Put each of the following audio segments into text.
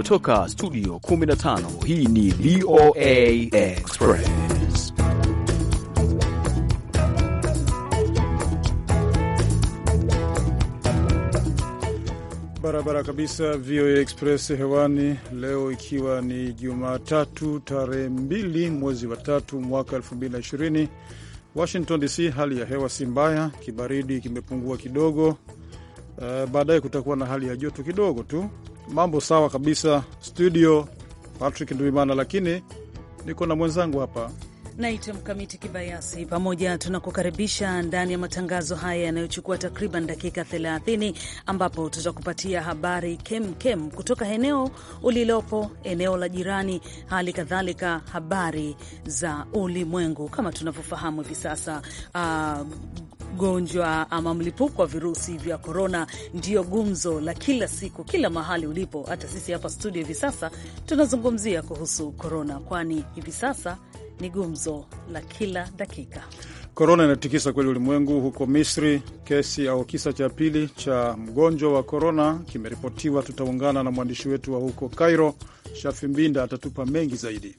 Kutoka studio 15 hii ni VOA Express. Barabara kabisa, VOA Express hewani leo, ikiwa ni Jumatatu tarehe 2 mwezi wa tatu mwaka 2020 Washington DC. Hali ya hewa si mbaya, kibaridi kimepungua kidogo. Uh, baadaye kutakuwa na hali ya joto kidogo tu Mambo sawa kabisa studio, Patrick Nduimana, lakini niko na mwenzangu hapa naitwa Mkamiti Kibayasi. Pamoja tunakukaribisha ndani ya matangazo haya yanayochukua takriban dakika 30 ambapo tutakupatia habari kemkem kem kutoka eneo ulilopo, eneo la jirani, hali kadhalika habari za ulimwengu. Kama tunavyofahamu hivi sasa uh, Ugonjwa ama mlipuko wa virusi vya korona ndiyo gumzo la kila siku, kila mahali ulipo. Hata sisi hapa studio hivi sasa tunazungumzia kuhusu korona, kwani hivi sasa ni gumzo la kila dakika. Korona inatikisa kweli ulimwengu. Huko Misri, kesi au kisa cha pili cha mgonjwa wa korona kimeripotiwa. Tutaungana na mwandishi wetu wa huko Cairo, Shafi Mbinda, atatupa mengi zaidi.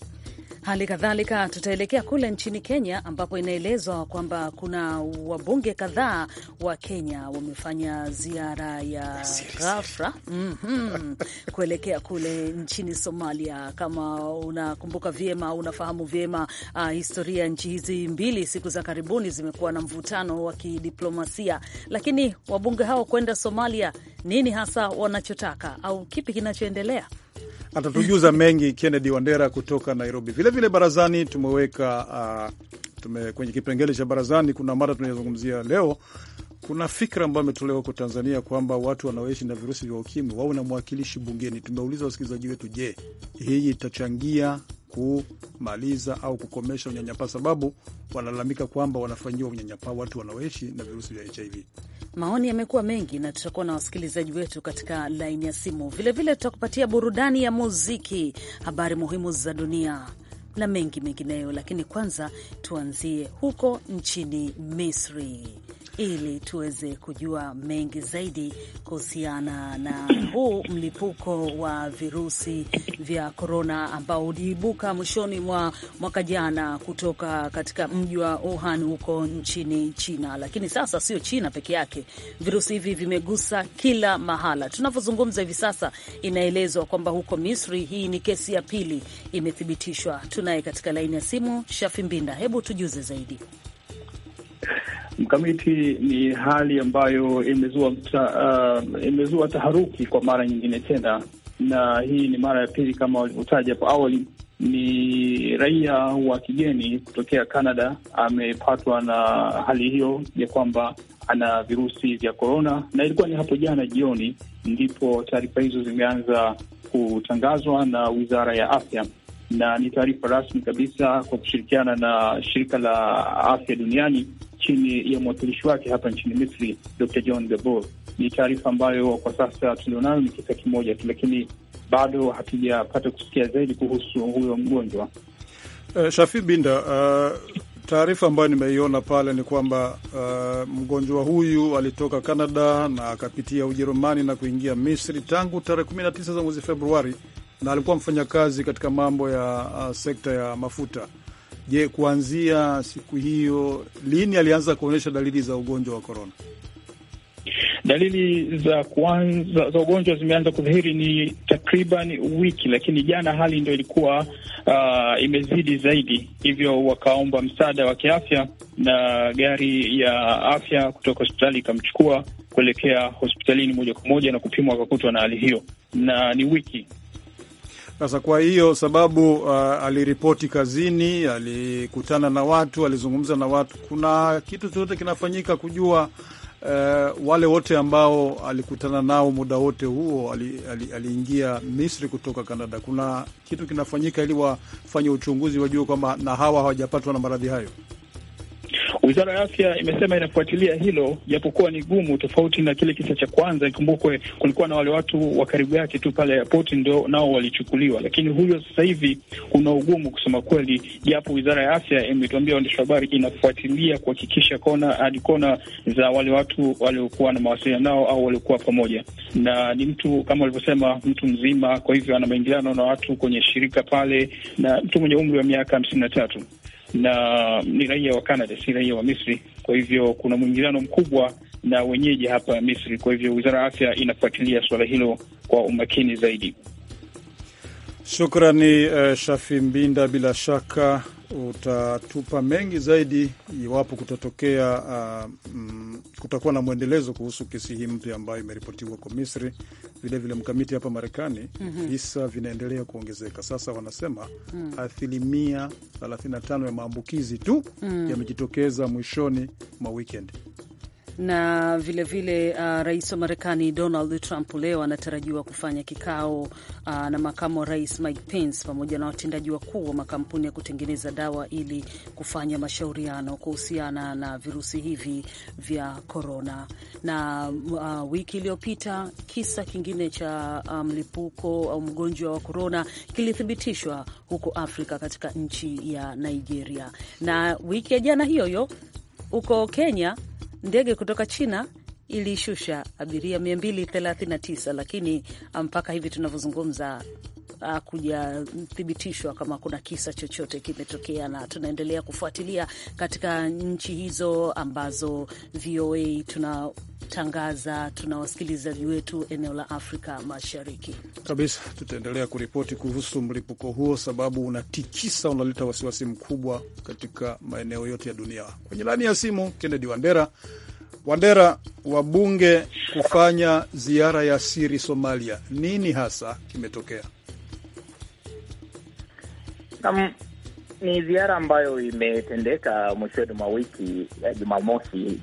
Hali kadhalika tutaelekea kule nchini Kenya ambapo inaelezwa kwamba kuna wabunge kadhaa wa Kenya wamefanya ziara ya ghafla mm -hmm. kuelekea kule nchini Somalia. Kama unakumbuka vyema, unafahamu vyema uh, historia ya nchi hizi mbili, siku za karibuni zimekuwa na mvutano wa kidiplomasia. Lakini wabunge hao kwenda Somalia, nini hasa wanachotaka au kipi kinachoendelea? Atatujuza mengi Kennedy Wandera kutoka Nairobi vile Vilevile barazani tumeweka uh, tume, kwenye kipengele cha barazani kuna mada tunayozungumzia leo. Kuna fikra ambayo ametolewa huko Tanzania kwamba watu wanaoishi na virusi vya ukimwi wawe na mwakilishi bungeni. Tumeuliza wasikilizaji wetu, je, hii itachangia kumaliza au kukomesha unyanyapaa, sababu wanalalamika kwamba wanafanyiwa unyanyapaa watu wanaoishi na virusi vya HIV. Maoni yamekuwa mengi na tutakuwa na wasikilizaji wetu katika laini ya simu. Vilevile tutakupatia burudani ya muziki, habari muhimu za dunia, na mengi mengineyo, lakini kwanza tuanzie huko nchini Misri ili tuweze kujua mengi zaidi kuhusiana na huu mlipuko wa virusi vya korona ambao uliibuka mwishoni mwa mwaka jana kutoka katika mji wa Wuhan huko nchini China. Lakini sasa sio China peke yake, virusi hivi vimegusa kila mahala. Tunavyozungumza hivi sasa, inaelezwa kwamba huko Misri hii ni kesi ya pili imethibitishwa. Tunaye katika laini ya simu Shafi Mbinda, hebu tujuze zaidi. Mkamiti, ni hali ambayo imezua uh, imezua taharuki kwa mara nyingine tena, na hii ni mara ya pili kama walivyotaja hapo awali. Ni raia wa kigeni kutokea Canada amepatwa na hali hiyo ya kwamba ana virusi vya korona, na ilikuwa ni hapo jana jioni ndipo taarifa hizo zimeanza kutangazwa na wizara ya afya na ni taarifa rasmi kabisa kwa kushirikiana na shirika la afya duniani chini ya mwakilishi wake hapa nchini Misri, Dr John Gabor. Ni taarifa ambayo kwa sasa tulionayo ni kisa kimoja tu, lakini bado hatujapata kusikia zaidi kuhusu huyo mgonjwa. Uh, eh, Shafi Binda, uh, taarifa ambayo nimeiona pale ni kwamba uh, mgonjwa huyu alitoka Canada na akapitia Ujerumani na kuingia Misri tangu tarehe 19 za mwezi Februari na alikuwa mfanyakazi katika mambo ya uh, sekta ya mafuta. Je, kuanzia siku hiyo, lini alianza kuonyesha dalili za ugonjwa wa korona? Dalili za kuanza za ugonjwa zimeanza kudhihiri ni takriban wiki, lakini jana hali ndio ilikuwa uh, imezidi zaidi, hivyo wakaomba msaada wa kiafya, na gari ya afya kutoka hospitali ikamchukua kuelekea hospitalini moja kwa moja na kupimwa, akakutwa na hali hiyo, na ni wiki sasa kwa hiyo sababu uh, aliripoti kazini, alikutana na watu, alizungumza na watu, kuna kitu chochote kinafanyika kujua uh, wale wote ambao alikutana nao muda wote huo ali, ali, aliingia Misri kutoka Kanada, kuna kitu kinafanyika ili wafanye uchunguzi, wajue kwamba na hawa hawajapatwa na maradhi hayo? Wizara ya Afya imesema inafuatilia hilo, japokuwa ni gumu, tofauti na kile kisa cha kwanza. Ikumbukwe kulikuwa na wale watu wa karibu yake tu pale airport, ndio nao walichukuliwa, lakini huyo sasa hivi kuna ugumu kusema kweli, japo Wizara ya Afya imetuambia waandishi wa habari inafuatilia kuhakikisha kona hadi kona za wale watu waliokuwa na mawasiliano nao au waliokuwa pamoja na ni mtu kama walivyosema, mtu mzima, kwa hivyo ana maingiliano na watu kwenye shirika pale, na mtu mwenye umri wa miaka hamsini na tatu na ni raia wa Canada, si raia wa Misri. Kwa hivyo kuna mwingiliano mkubwa na wenyeji hapa Misri. Kwa hivyo wizara ya afya inafuatilia suala hilo kwa umakini zaidi. Shukrani uh, Shafi Mbinda, bila shaka utatupa mengi zaidi iwapo kutatokea uh, mm, kutakuwa na mwendelezo kuhusu kesi hii mpya ambayo imeripotiwa kwa Misri. Vilevile mkamiti hapa Marekani mm -hmm. visa vinaendelea kuongezeka sasa, wanasema mm. asilimia 35 ya maambukizi tu mm. yamejitokeza mwishoni mwa wikendi na vilevile vile, uh, rais wa Marekani Donald Trump leo anatarajiwa kufanya kikao uh, na makamu wa rais Mike Pence pamoja na watendaji wakuu wa makampuni ya kutengeneza dawa ili kufanya mashauriano kuhusiana na virusi hivi vya korona. Na uh, wiki iliyopita kisa kingine cha uh, mlipuko um, au mgonjwa wa korona kilithibitishwa huko Afrika katika nchi ya Nigeria, na wiki ya jana hiyo hiyo huko Kenya ndege kutoka China ilishusha abiria 239 lakini ah, mpaka hivi tunavyozungumza kujathibitishwa kama kuna kisa chochote kimetokea, na tunaendelea kufuatilia katika nchi hizo ambazo VOA tunatangaza, tuna wasikilizaji wetu eneo la Afrika Mashariki kabisa. Tutaendelea kuripoti kuhusu mlipuko huo, sababu unatikisa, unaleta wasiwasi mkubwa katika maeneo yote ya dunia. Kwenye laini ya simu Kennedy Wandera. Wandera, wabunge kufanya ziara ya siri Somalia, nini hasa kimetokea? Naam, ni ziara ambayo imetendeka mwishoni mwa wiki ya Jumamosi,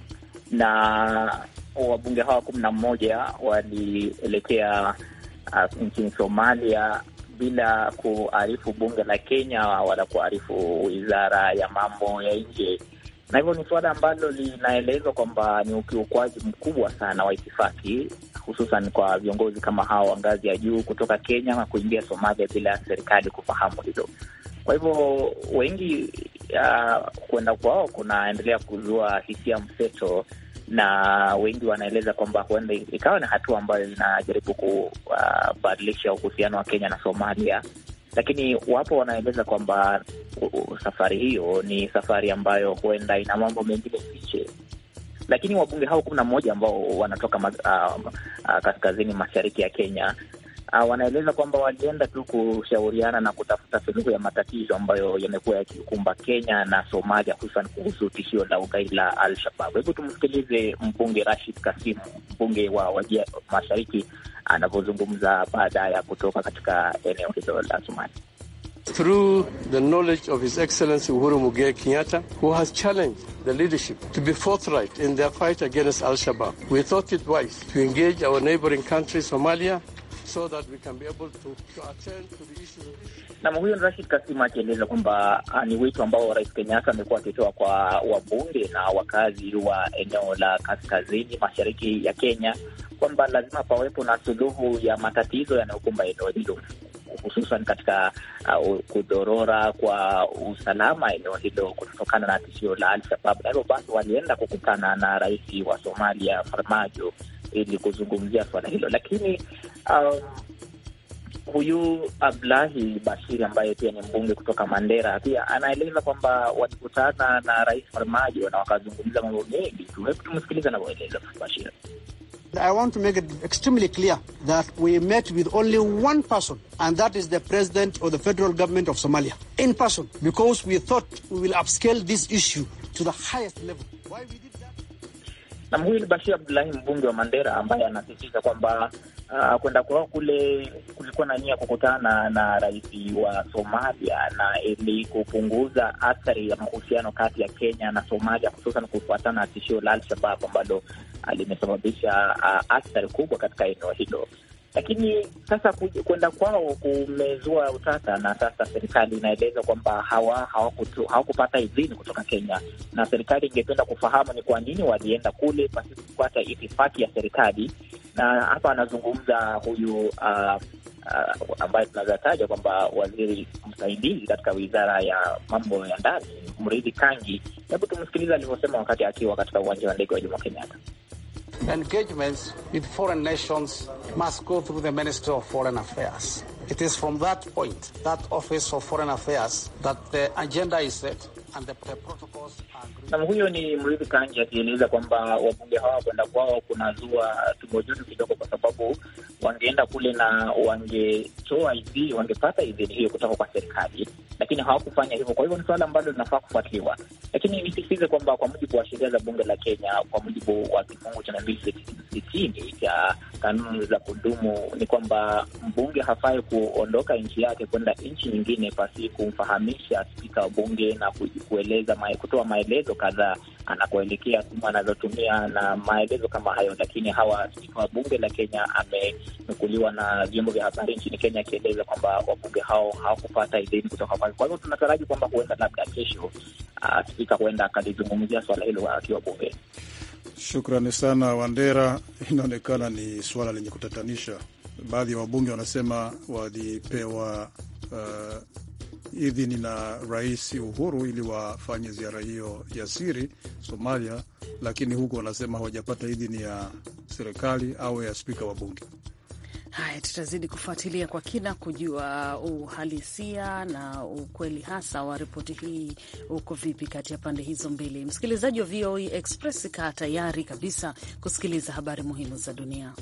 na wabunge hawa kumi na mmoja walielekea uh, nchini Somalia bila kuarifu bunge la Kenya wala kuarifu wizara ya mambo ya nje, na hivyo ni suala ambalo linaelezwa kwamba ni ukiukwaji mkubwa sana wa itifaki, hususan kwa viongozi kama hao wa ngazi ya juu kutoka Kenya na kuingia Somalia bila serikali kufahamu hilo. Kwa hivyo wengi uh, kwenda kwao kunaendelea kuzua hisia mseto, na wengi wanaeleza kwamba huenda ikawa ni hatua ambayo inajaribu kubadilisha ah, uh, uhusiano wa Kenya na Somalia, lakini wapo wanaeleza kwamba uh, safari hiyo ni safari ambayo huenda ina mambo mengine fiche lakini wabunge hao kumi na moja ambao wanatoka uh, uh, kaskazini mashariki ya Kenya Uh, wanaeleza kwamba walienda tu kushauriana na kutafuta suluhu ya matatizo ambayo yamekuwa yakikumba Kenya na Somalia, hususan kuhusu tishio la ugaidi la Al-Shabab. Hebu tumsikilize mbunge Rashid Kasimu, mbunge wa wajia Mashariki, anavyozungumza baada ya kutoka katika eneo hilo la Somali. Through the knowledge of His Excellency Uhuru Kenyatta, who has challenged the leadership to be forthright in their fight against Al-Shabaab, we thought it wise to engage our neighboring country, Somalia, so that we can be able to, to attend to the issues. Nam huyo ni Rashid Kasima akieleza kwamba ah, ni wito ambao Rais Kenyatta amekuwa akitoa kwa wabunge na wakazi wa eneo la kaskazini mashariki ya Kenya kwamba lazima pawepo na suluhu ya matatizo yanayokumba eneo hilo hususan katika uh, kudorora kwa usalama eneo hilo kutokana na tishio la Al-Shabab. Na hivyo basi walienda kukutana na rais wa Somalia Farmajo ili kuzungumzia swala hilo, lakini um, huyu Bashiri ambaye pia ni mbunge kutoka Mandera pia anaeleza kwamba walikutana na Rais Farmajo na wakazungumza mambo mengi tu. Hebu tumsikiliza anavyoeleza Bashiri. I want to make it extremely clear that we met with only one person, and that is the president of the federal government of Somalia in person, because we thought we will upscale this issue to the highest level. Why we did that? Nam, huyu ni Bashir Abdulahi, mbunge wa Mandera, ambaye anasisitiza kwamba uh, kwenda kwao kule kulikuwa na nia kukutana na rais wa Somalia na ili kupunguza athari ya mahusiano kati ya Kenya na Somalia, hususan kufuatana na tishio la Al-Shabab ambalo uh, limesababisha uh, athari kubwa katika eneo hilo. Lakini sasa kwenda kwao kumezua utata, na sasa serikali inaeleza kwamba hawa hawakupata idhini kutoka Kenya, na serikali ingependa kufahamu ni kwa nini walienda kule pasipo kupata itifaki ya serikali. Na hapa anazungumza huyu uh, Uh, ambaye tunazataja kwamba waziri msaidizi katika wizara ya mambo ya ndani Mridhi Kangi. Hebu tumsikiliza alivyosema wakati akiwa katika uwanja wa ndege wa Jomo Kenyatta. engagements with foreign nations must go through the Ministry of Foreign Affairs. It is from that point, that Office of Foreign Affairs, that the agenda is set and the, the protocols are... Huyo ni Mridhi Kanji akieleza kwamba wabunge hawa kwenda kwao kunazua tumbo joto kidogo, kwa sababu wangeenda kule na wangetoa idhini, wangepata idhini hiyo kutoka kwa serikali, lakini hawakufanya hivyo. Kwa hivyo ni suala ambalo linafaa kufuatiliwa. lakini nisisitize kwamba kwa mujibu wa sheria za bunge la Kenya, kwa mujibu wa kifungu cha mia mbili sitini cha kanuni za kudumu ni kwamba mbunge hafai kuondoka nchi yake kwenda nchi nyingine pasi kumfahamisha spika wa bunge na kueleza mae, kutoa maelezo kadhaa anakoelekea, simu anazotumia na maelezo kama hayo. Lakini hawa spika wa bunge la Kenya amenukuliwa na vyombo vya habari nchini Kenya akieleza kwamba wabunge hao hawakupata idhini kutoka kwake. Kwa hivyo tunataraji kwamba huenda labda kesho ah, spika huenda akalizungumzia swala hilo akiwa bungeni. Shukrani sana Wandera. Inaonekana ni suala lenye kutatanisha. Baadhi ya wabunge wanasema walipewa uh, idhini na Rais Uhuru ili wafanye ziara hiyo ya siri Somalia, lakini huku wanasema hawajapata idhini ya serikali au ya spika wa bunge. Haya, tutazidi kufuatilia kwa kina kujua uhalisia na ukweli hasa wa ripoti hii uko vipi kati ya pande hizo mbili. Msikilizaji wa VOA e Express, kaa tayari kabisa kusikiliza habari muhimu za dunia.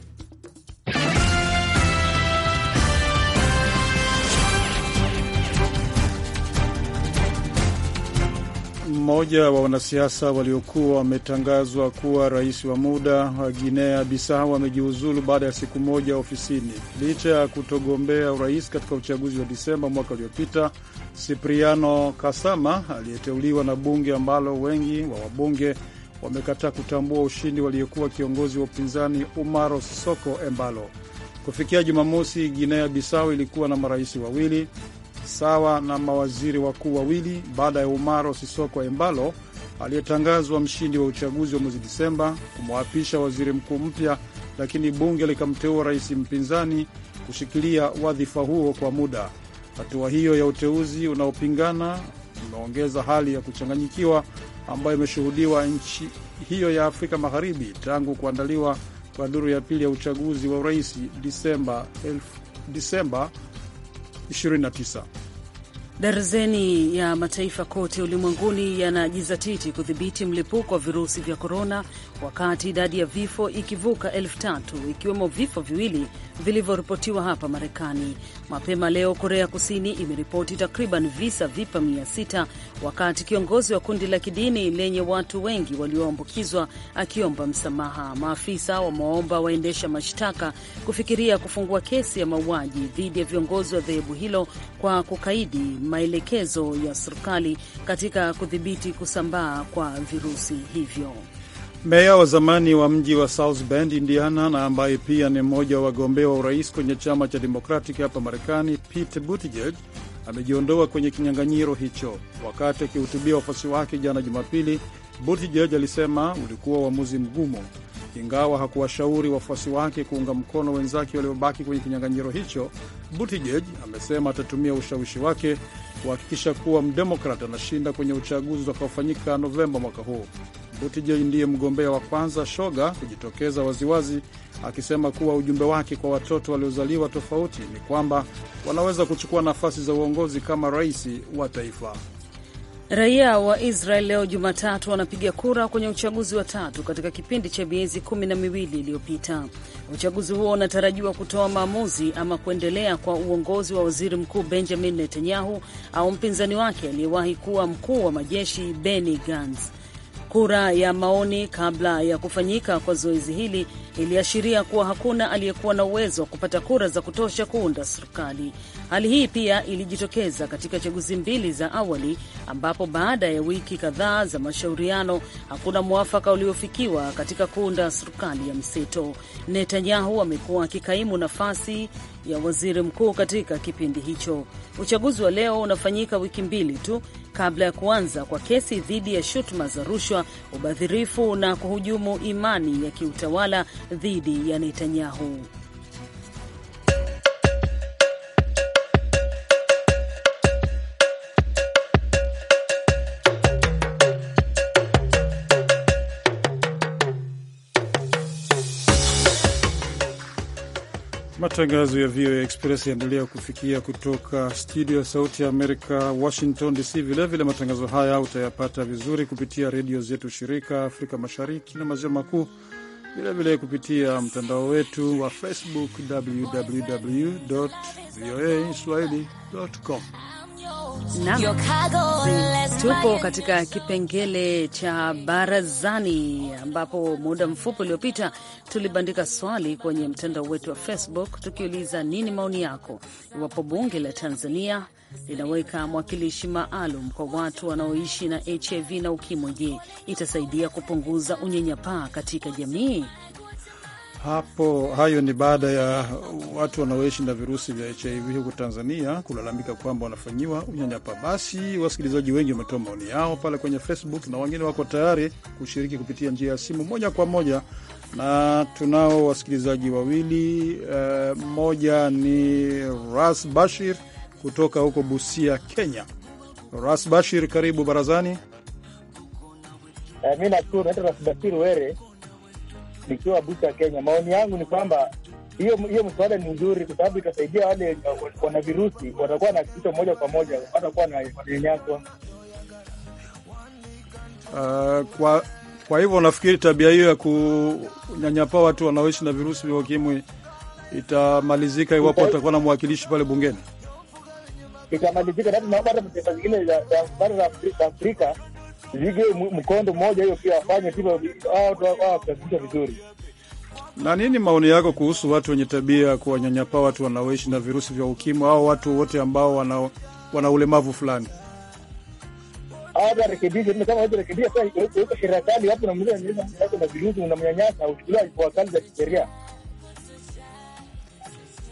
Mmoja wa wanasiasa waliokuwa wametangazwa kuwa rais wa muda wa Guinea Bissau amejiuzulu baada ya siku moja ofisini, licha ya kutogombea urais katika uchaguzi wa Disemba mwaka uliopita. Cipriano Kasama aliyeteuliwa na bunge ambalo wengi wa wabunge wamekataa kutambua ushindi waliyekuwa kiongozi wa upinzani Umaro Sissoco Embalo. Kufikia Jumamosi, Guinea Bissau ilikuwa na marais wawili sawa na mawaziri wakuu wawili baada ya Umaro Sisoko Embalo aliyetangazwa mshindi wa uchaguzi wa mwezi Disemba kumwapisha waziri mkuu mpya, lakini bunge likamteua rais mpinzani kushikilia wadhifa huo kwa muda. Hatua hiyo ya uteuzi unaopingana imeongeza hali ya kuchanganyikiwa ambayo imeshuhudiwa nchi hiyo ya Afrika Magharibi tangu kuandaliwa kwa duru ya pili ya uchaguzi wa urais Disemba 29. Darzeni ya mataifa kote ulimwenguni yanajizatiti kudhibiti mlipuko wa virusi vya korona wakati idadi ya vifo ikivuka elfu tatu ikiwemo vifo viwili vilivyoripotiwa hapa Marekani. Mapema leo, Korea Kusini imeripoti takriban visa vipa 6 wakati kiongozi wa kundi la kidini lenye watu wengi walioambukizwa akiomba msamaha. Maafisa wamewaomba waendesha mashtaka kufikiria kufungua kesi ya mauaji dhidi ya viongozi wa dhehebu hilo kwa kukaidi maelekezo ya serikali katika kudhibiti kusambaa kwa virusi hivyo. Meya wa zamani wa mji wa South Bend, Indiana, na ambaye pia ni mmoja wa wagombea wa urais kwenye chama cha Demokratic hapa Marekani, Pete Buttigieg amejiondoa kwenye kinyang'anyiro hicho. Wakati akihutubia wafuasi wake jana Jumapili, Buttigieg alisema ulikuwa uamuzi mgumu, ingawa hakuwashauri wafuasi wake kuunga mkono wenzake waliobaki kwenye kinyang'anyiro hicho. Buttigieg amesema atatumia ushawishi wake kuhakikisha kuwa mdemokrat anashinda kwenye uchaguzi utakaofanyika Novemba mwaka huu. Buttigieg ndiye mgombea wa kwanza shoga kujitokeza waziwazi akisema kuwa ujumbe wake kwa watoto waliozaliwa tofauti ni kwamba wanaweza kuchukua nafasi za uongozi kama rais wa taifa. Raia wa Israel leo Jumatatu wanapiga kura kwenye uchaguzi wa tatu katika kipindi cha miezi kumi na miwili iliyopita. Uchaguzi huo unatarajiwa kutoa maamuzi ama kuendelea kwa uongozi wa waziri mkuu Benjamin Netanyahu au mpinzani wake aliyewahi kuwa mkuu wa majeshi Benny Gantz. Kura ya maoni kabla ya kufanyika kwa zoezi hili iliashiria kuwa hakuna aliyekuwa na uwezo wa kupata kura za kutosha kuunda serikali. Hali hii pia ilijitokeza katika chaguzi mbili za awali, ambapo baada ya wiki kadhaa za mashauriano hakuna mwafaka uliofikiwa katika kuunda serikali ya mseto. Netanyahu amekuwa akikaimu nafasi ya waziri mkuu katika kipindi hicho. Uchaguzi wa leo unafanyika wiki mbili tu kabla ya kuanza kwa kesi dhidi ya shutuma za rushwa, ubadhirifu na kuhujumu imani ya kiutawala dhidi ya Netanyahu. Matangazo ya VOA Express yaendelea kufikia kutoka studio ya Sauti ya Amerika, Washington DC. Vilevile matangazo haya utayapata vizuri kupitia redio zetu shirika Afrika Mashariki na Maziwa Makuu, vilevile kupitia mtandao wetu wa Facebook, www voa swahili com. Nam, tupo katika kipengele cha barazani, ambapo muda mfupi uliopita tulibandika swali kwenye mtandao wetu wa Facebook tukiuliza nini maoni yako iwapo bunge la Tanzania linaweka mwakilishi maalum kwa watu wanaoishi na HIV na UKIMWI. Je, itasaidia kupunguza unyanyapaa katika jamii? hapo. Hayo ni baada ya watu wanaoishi na virusi vya HIV huko Tanzania kulalamika kwamba wanafanyiwa unyanyapa. Basi wasikilizaji wengi wametoa maoni yao pale kwenye Facebook na wengine wako tayari kushiriki kupitia njia ya simu moja kwa moja, na tunao wasikilizaji wawili. Mmoja eh, ni Ras Bashir kutoka huko Busia, Kenya. Ras Bashir, karibu barazani. Uh, mi nashukuru. Naitwa Ras Bashir Were nikiwa busa Kenya. Maoni yangu ni kwamba hiyo hiyo mswada ni nzuri kwa sababu itasaidia wale uh, wana virusi watakuwa na kitu moja kwa moja, watakuwa na wanyanyaswa. Uh, kwa kwa hivyo nafikiri tabia hiyo ya kunyanyapaa watu wanaoishi na virusi vya ukimwi itamalizika iwapo watakuwa na mwakilishi pale bungeni, itamalizika hata zingine za bara la Afrika vige mkondo mmoja, hiyo pia afanye tiaia vizuri. Na nini maoni yako kuhusu watu wenye tabia ya kuwanyanyapaa watu wanaoishi na virusi vya ukimwi au watu wote ambao wana, wana ulemavu fulani?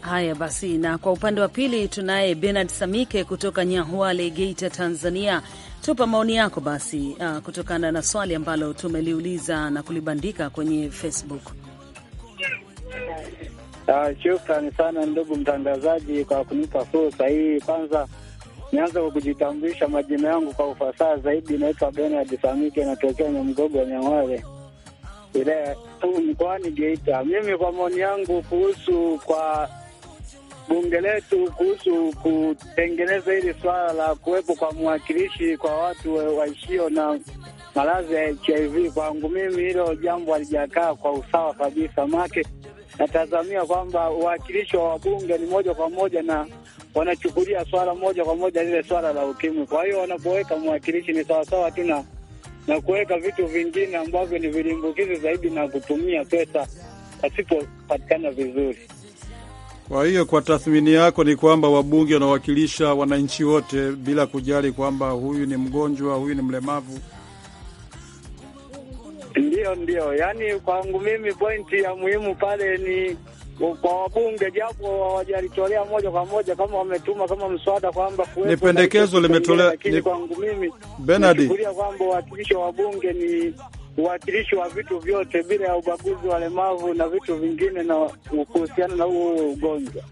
Haya basi, na kwa upande wa pili tunaye Bernard Samike kutoka Nyahwale, Geita, Tanzania. Tupa maoni yako basi, uh, kutokana na swali ambalo tumeliuliza na kulibandika kwenye Facebook. Uh, shukrani sana ndugu mtangazaji kwa kunipa fursa hii. Kwanza nianza kwa kujitambulisha majina yangu kwa ufasaha zaidi. Naitwa Benard Samike, natokea Nyamgogo wa nyamare ile mkoani Geita. Mimi kwa maoni yangu kuhusu kwa bunge letu kuhusu kutengeneza hili swala la kuwepo kwa mwakilishi kwa watu waishio na maradhi ya HIV. Kwangu mimi hilo jambo halijakaa kwa usawa kabisa, make natazamia kwamba uwakilishi wa wabunge ni moja kwa moja na wanachukulia swala moja kwa moja lile swala la ukimwi. Kwa hiyo wanapoweka mwakilishi ni sawasawa tu na na kuweka vitu vingine ambavyo ni vilimbukizi zaidi na kutumia pesa pasipopatikana vizuri. Kwa hiyo kwa tathmini yako ni kwamba wabunge wanawakilisha wananchi wote bila kujali kwamba huyu ni mgonjwa, huyu ni mlemavu? Ndiyo, ndiyo. Yaani kwangu mimi pointi ya muhimu pale ni kwa wabunge, japo hawajalitolea moja kwa moja kama wametuma kama mswada kwamba ni pendekezo limetolea, lakini kwangu mimi Benadi kwamba wakilisho wabunge ni uwakilishi wa vitu vyote bila ya ubaguzi, wa lemavu na vitu vingine, na kuhusiana na huo ugonjwa.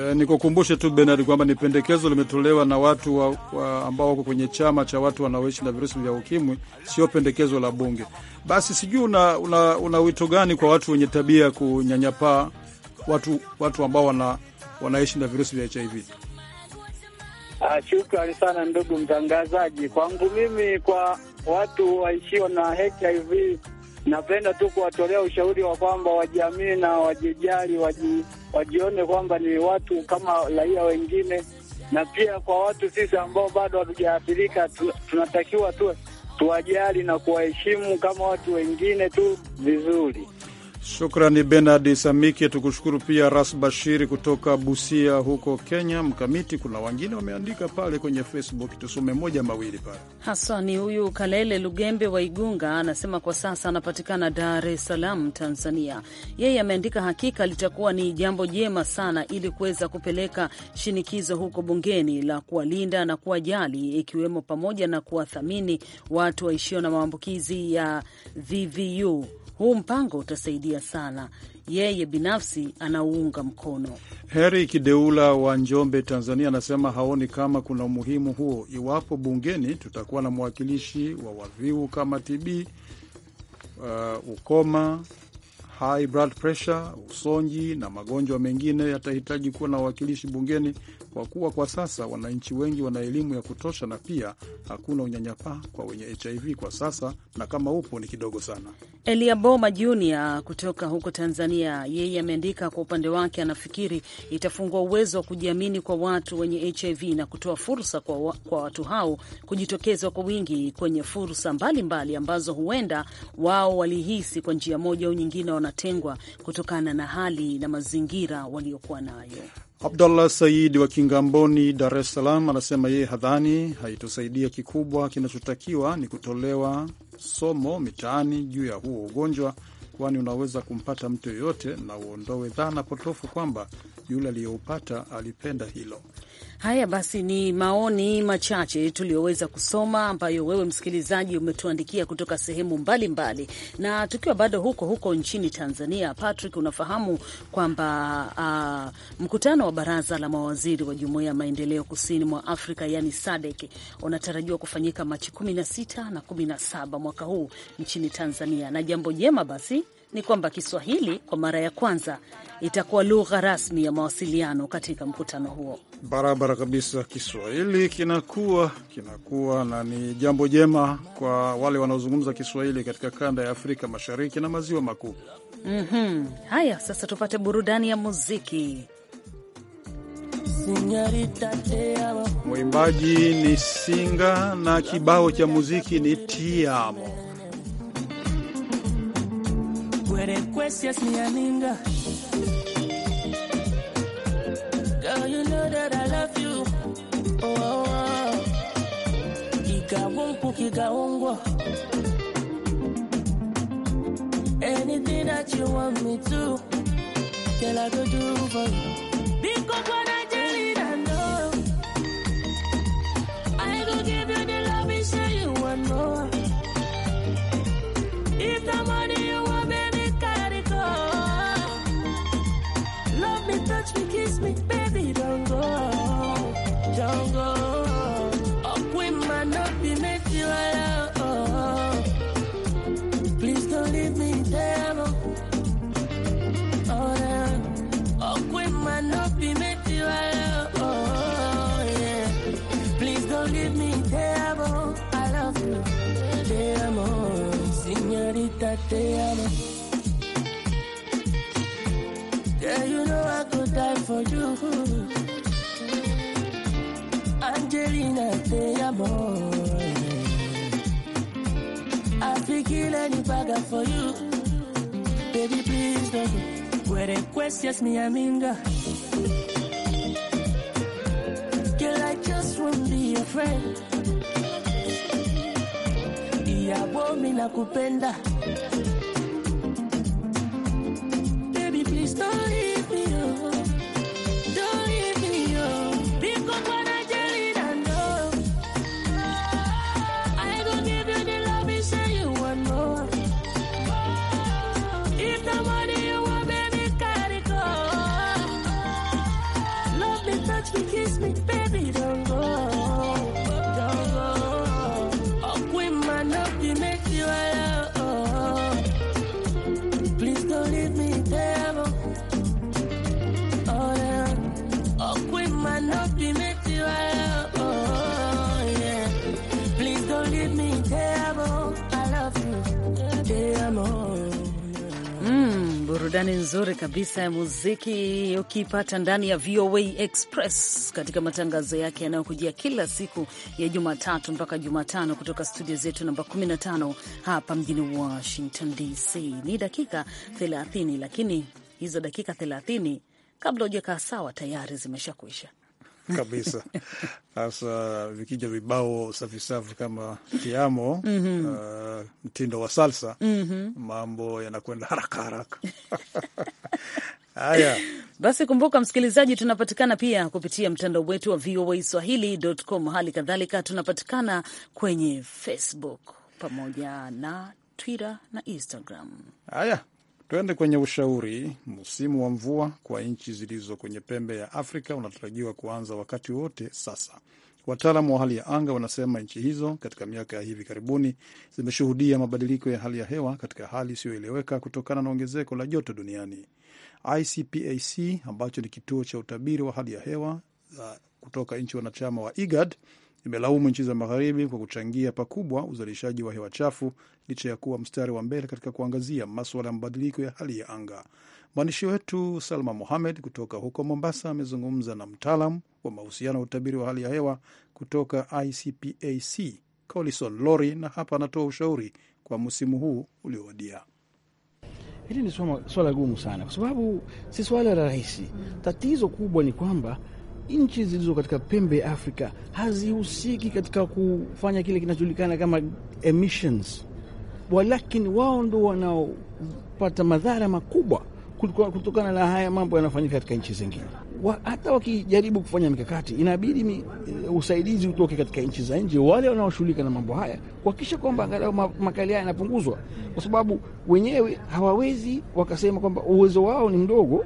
Yeah, nikukumbushe tu Benard kwamba ni pendekezo limetolewa na watu wa, wa ambao wako kwenye chama cha watu wanaoishi na virusi vya ukimwi, sio pendekezo la bunge. Basi sijui una, una, una wito gani kwa watu wenye tabia ya kunyanyapaa watu, watu ambao wana, wanaishi na virusi vya HIV? Ah, shukrani sana ndugu mtangazaji. Kwangu mimi kwa watu waishio na HIV. Napenda tu kuwatolea ushauri wa kwamba wajiamini na wajijali, waji, wajione kwamba ni watu kama raia wengine, na pia kwa watu sisi ambao bado hatujaathirika tunatakiwa tu tuwajali na kuwaheshimu kama watu wengine tu vizuri. Shukrani Benard Samike, tukushukuru pia Ras Bashiri kutoka Busia huko Kenya. Mkamiti, kuna wengine wameandika pale kwenye Facebook, tusome moja mawili pale haswa. Ni huyu Kalele Lugembe wa Igunga, anasema kwa sasa anapatikana Dar es Salaam, Tanzania. Yeye ameandika hakika litakuwa ni jambo jema sana ili kuweza kupeleka shinikizo huko bungeni la kuwalinda na kuwajali, ikiwemo pamoja na kuwathamini watu waishio na maambukizi ya VVU huu mpango utasaidia sana, yeye binafsi anauunga mkono. Heri Kideula wa Njombe, Tanzania, anasema haoni kama kuna umuhimu huo iwapo bungeni tutakuwa na mwakilishi wa waviu kama TB, uh, ukoma, high blood pressure, usonji na magonjwa mengine yatahitaji kuwa na wawakilishi bungeni, kwa kuwa kwa sasa wananchi wengi wana elimu ya kutosha, na pia hakuna unyanyapaa kwa wenye HIV kwa sasa, na kama upo ni kidogo sana. Elia Boma Junior kutoka huko Tanzania, yeye ameandika kwa upande wake, anafikiri itafungua uwezo wa kujiamini kwa watu wenye HIV na kutoa fursa kwa, wa, kwa watu hao kujitokeza kwa wingi kwenye fursa mbalimbali mbali ambazo huenda wao walihisi kwa njia moja au nyingine wana wanatengwa kutokana na hali na mazingira waliokuwa nayo. Abdallah Said wa Kingamboni, Dar es Salaam, anasema yeye hadhani haitosaidia Kikubwa kinachotakiwa ni kutolewa somo mitaani juu ya huo ugonjwa, kwani unaweza kumpata mtu yoyote, na uondoe dhana potofu kwamba yule aliyoupata alipenda hilo. Haya basi, ni maoni machache tuliyoweza kusoma ambayo wewe msikilizaji umetuandikia kutoka sehemu mbalimbali mbali. Na tukiwa bado huko huko nchini Tanzania, Patrick, unafahamu kwamba uh, mkutano wa baraza la mawaziri wa jumuiya ya maendeleo kusini mwa Afrika yani SADC unatarajiwa kufanyika Machi 16 na 17 mwaka huu nchini Tanzania, na jambo jema basi ni kwamba Kiswahili kwa mara ya kwanza itakuwa lugha rasmi ya mawasiliano katika mkutano huo. Barabara kabisa. Kiswahili kinakuwa kinakuwa na ni jambo jema kwa wale wanaozungumza Kiswahili katika kanda ya Afrika Mashariki na Maziwa Makuu. Mm -hmm. Haya, sasa tupate burudani ya muziki. Mwimbaji ni Singa na kibao cha muziki ni Tiamo. Girl, you know that I love you. Oh, oh, oh. Kigawungu, kigawungu. Anything that you want me to, girl, I go do for you. Because when that they Yeah, you know I could die for you. Angelina, te amo. I feel kill any bagger for you. Baby, please don't go. Where the questions me, Aminga. Girl, I just won't be your friend. Yeah, boy, me nakupenda. burudani nzuri kabisa ya muziki ukiipata ndani ya VOA Express katika matangazo yake yanayokujia kila siku ya Jumatatu mpaka Jumatano kutoka studio zetu namba 15 hapa mjini Washington DC. Ni dakika 30, lakini hizo dakika 30 kabla hujakaa sawa tayari zimeshakwisha. kabisa hasa vikija vibao safisafi kama tiamo mm -hmm. uh, mtindo wa salsa mm -hmm. mambo yanakwenda haraka haraka Haya basi, kumbuka msikilizaji, tunapatikana pia kupitia mtandao wetu wa VOA Swahili.com. Hali kadhalika tunapatikana kwenye Facebook pamoja na Twitter na Instagram. Haya Tuende kwenye ushauri. Msimu wa mvua kwa nchi zilizo kwenye pembe ya Afrika unatarajiwa kuanza wakati wote sasa. Wataalamu wa hali ya anga wanasema nchi hizo katika miaka ya hivi karibuni zimeshuhudia mabadiliko ya hali ya hewa katika hali isiyoeleweka kutokana na ongezeko la joto duniani. ICPAC ambacho ni kituo cha utabiri wa hali ya hewa kutoka nchi wanachama wa IGAD imelaumu nchi za magharibi kwa kuchangia pakubwa uzalishaji wa hewa chafu licha ya kuwa mstari wa mbele katika kuangazia maswala ya mabadiliko ya hali ya anga. Mwandishi wetu Salma Mohamed kutoka huko Mombasa amezungumza na mtaalam wa mahusiano ya utabiri wa hali ya hewa kutoka ICPAC Colison Lori, na hapa anatoa ushauri kwa msimu huu uliowadia. Hili ni swala gumu sana, kwa sababu si swala rahisi. Tatizo kubwa ni kwamba nchi zilizo katika pembe ya Afrika hazihusiki katika kufanya kile kinachojulikana kama emissions, walakini wao ndo wanaopata madhara makubwa kutokana na haya mambo yanayofanyika katika nchi zingine. Wa, hata wakijaribu kufanya mikakati inabidi mi, uh, usaidizi utoke katika nchi za nje, wale wanaoshughulika na mambo haya kuhakikisha kwamba angalau makali haya yanapunguzwa, kwa sababu wenyewe hawawezi wakasema kwamba uwezo wao ni mdogo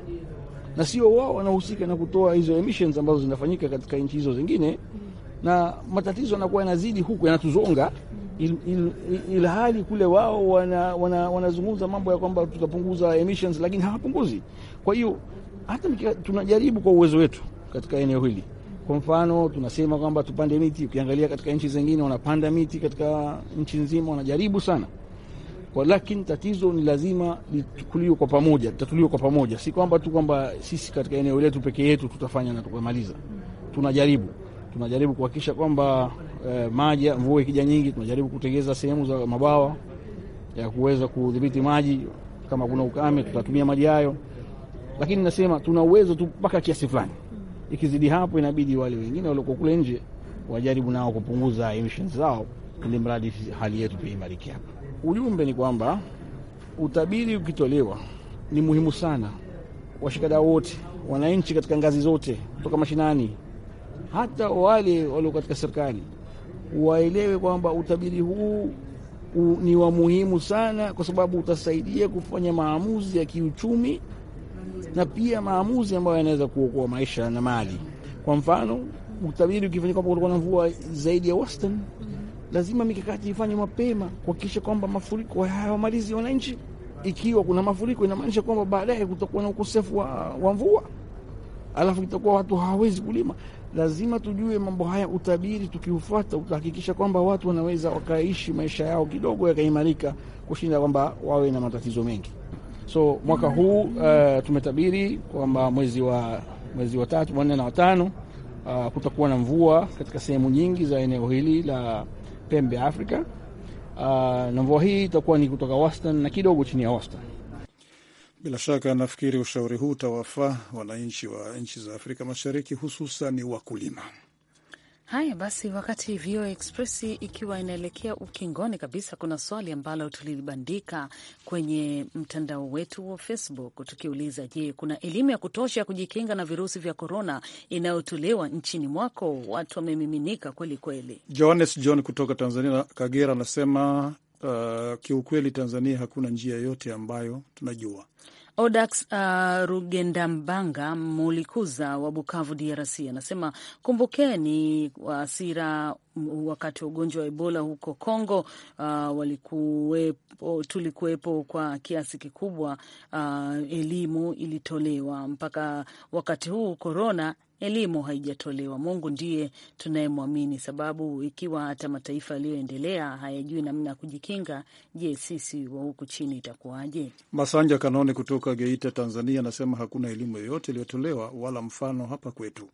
na sio wao wanahusika na kutoa hizo emissions ambazo zinafanyika katika nchi hizo zingine, na matatizo yanakuwa yanazidi huku yanatuzonga il, il, il hali kule wao wanazungumza wana, wana mambo ya kwamba tutapunguza emissions lakini hawapunguzi. Kwa hiyo hata tunajaribu kwa uwezo wetu katika eneo hili. Kwa mfano tunasema kwamba tupande miti, ukiangalia katika nchi zingine wanapanda miti katika nchi nzima, wanajaribu sana lakini tatizo ni lazima lichukuliwe kwa pamoja, litatuliwe kwa pamoja, si kwamba tu kwamba sisi katika eneo letu peke yetu tutafanya na tukamaliza. Tunajaribu tunajaribu kuhakikisha kwamba eh, maji mvua ikija nyingi, tunajaribu kutengeza sehemu za mabawa ya kuweza kudhibiti maji. Kama kuna ukame, tutatumia maji hayo, lakini nasema tuna uwezo tu mpaka kiasi fulani. Ikizidi hapo, inabidi wale wengine walioko kule nje wajaribu nao kupunguza emissions zao, ili mradi hali yetu pia imarike hapa. Ujumbe ni kwamba utabiri ukitolewa ni muhimu sana, washikadau wote, wananchi katika ngazi zote, kutoka mashinani hata wale walio katika serikali waelewe kwamba utabiri huu u, ni wa muhimu sana, kwa sababu utasaidia kufanya maamuzi ya kiuchumi na pia maamuzi ambayo yanaweza kuokoa maisha na mali. Kwa mfano, utabiri ukifanyika kwamba kutakuwa na mvua zaidi ya wastani lazima mikakati ifanye mapema kuhakikisha kwamba mafuriko hayawamalizi wananchi. Ikiwa kuna mafuriko, inamaanisha kwamba baadaye kutakuwa na ukosefu wa, wa mvua, alafu itakuwa watu hawawezi kulima. Lazima tujue mambo haya, utabiri tukiufuata utahakikisha kwamba watu wanaweza wakaishi maisha yao kidogo yakaimarika, kushinda kwamba wawe na matatizo mengi. So mwaka huu uh, tumetabiri kwamba mwezi wa mwezi wa tatu, wanne na watano uh, kutakuwa na mvua katika sehemu nyingi za eneo hili la pembe ya Afrika. Uh, na mvua hii itakuwa ni kutoka wastani na kidogo chini ya wastani. Bila shaka nafikiri ushauri huu utawafaa wananchi wa nchi za Afrika Mashariki, hususan ni wakulima. Haya basi, wakati VOA Express ikiwa inaelekea ukingoni kabisa, kuna swali ambalo tulibandika kwenye mtandao wetu wa Facebook tukiuliza, je, kuna elimu ya kutosha ya kujikinga na virusi vya korona inayotolewa nchini mwako? Watu wamemiminika kweli kweli. Johannes John kutoka Tanzania, Kagera, anasema uh, kiukweli Tanzania hakuna njia yote ambayo tunajua Odax uh, Rugendambanga, mulikuza wa Bukavu, DRC, anasema kumbukeni waasira wakati wa ugonjwa wa Ebola huko Congo. Uh, walikuwepo, tulikuwepo kwa kiasi kikubwa. Uh, elimu ilitolewa mpaka wakati huu korona elimu haijatolewa. Mungu ndiye tunayemwamini, sababu ikiwa hata mataifa yaliyoendelea hayajui namna ya kujikinga, je, sisi wa huku chini itakuwaje? Masanja kanoni kutoka Geita, Tanzania, anasema hakuna elimu yoyote iliyotolewa wala mfano hapa kwetu.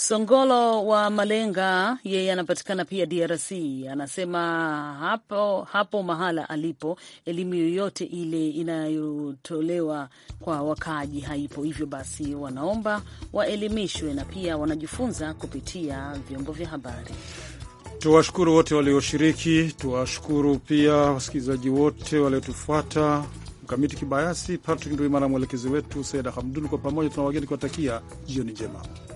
Songolo wa Malenga yeye anapatikana pia DRC, anasema hapo hapo mahala alipo elimu yoyote ile inayotolewa kwa wakaaji haipo, hivyo basi wanaomba waelimishwe na pia wanajifunza kupitia vyombo vya habari. Tuwashukuru wote walioshiriki, tuwashukuru pia wasikilizaji wote waliotufuata. Mkamiti Kibayasi, Patrick Nduimana, mwelekezi wetu Saida Hamdun, kwa pamoja tuna wageni kuwatakia jioni njema.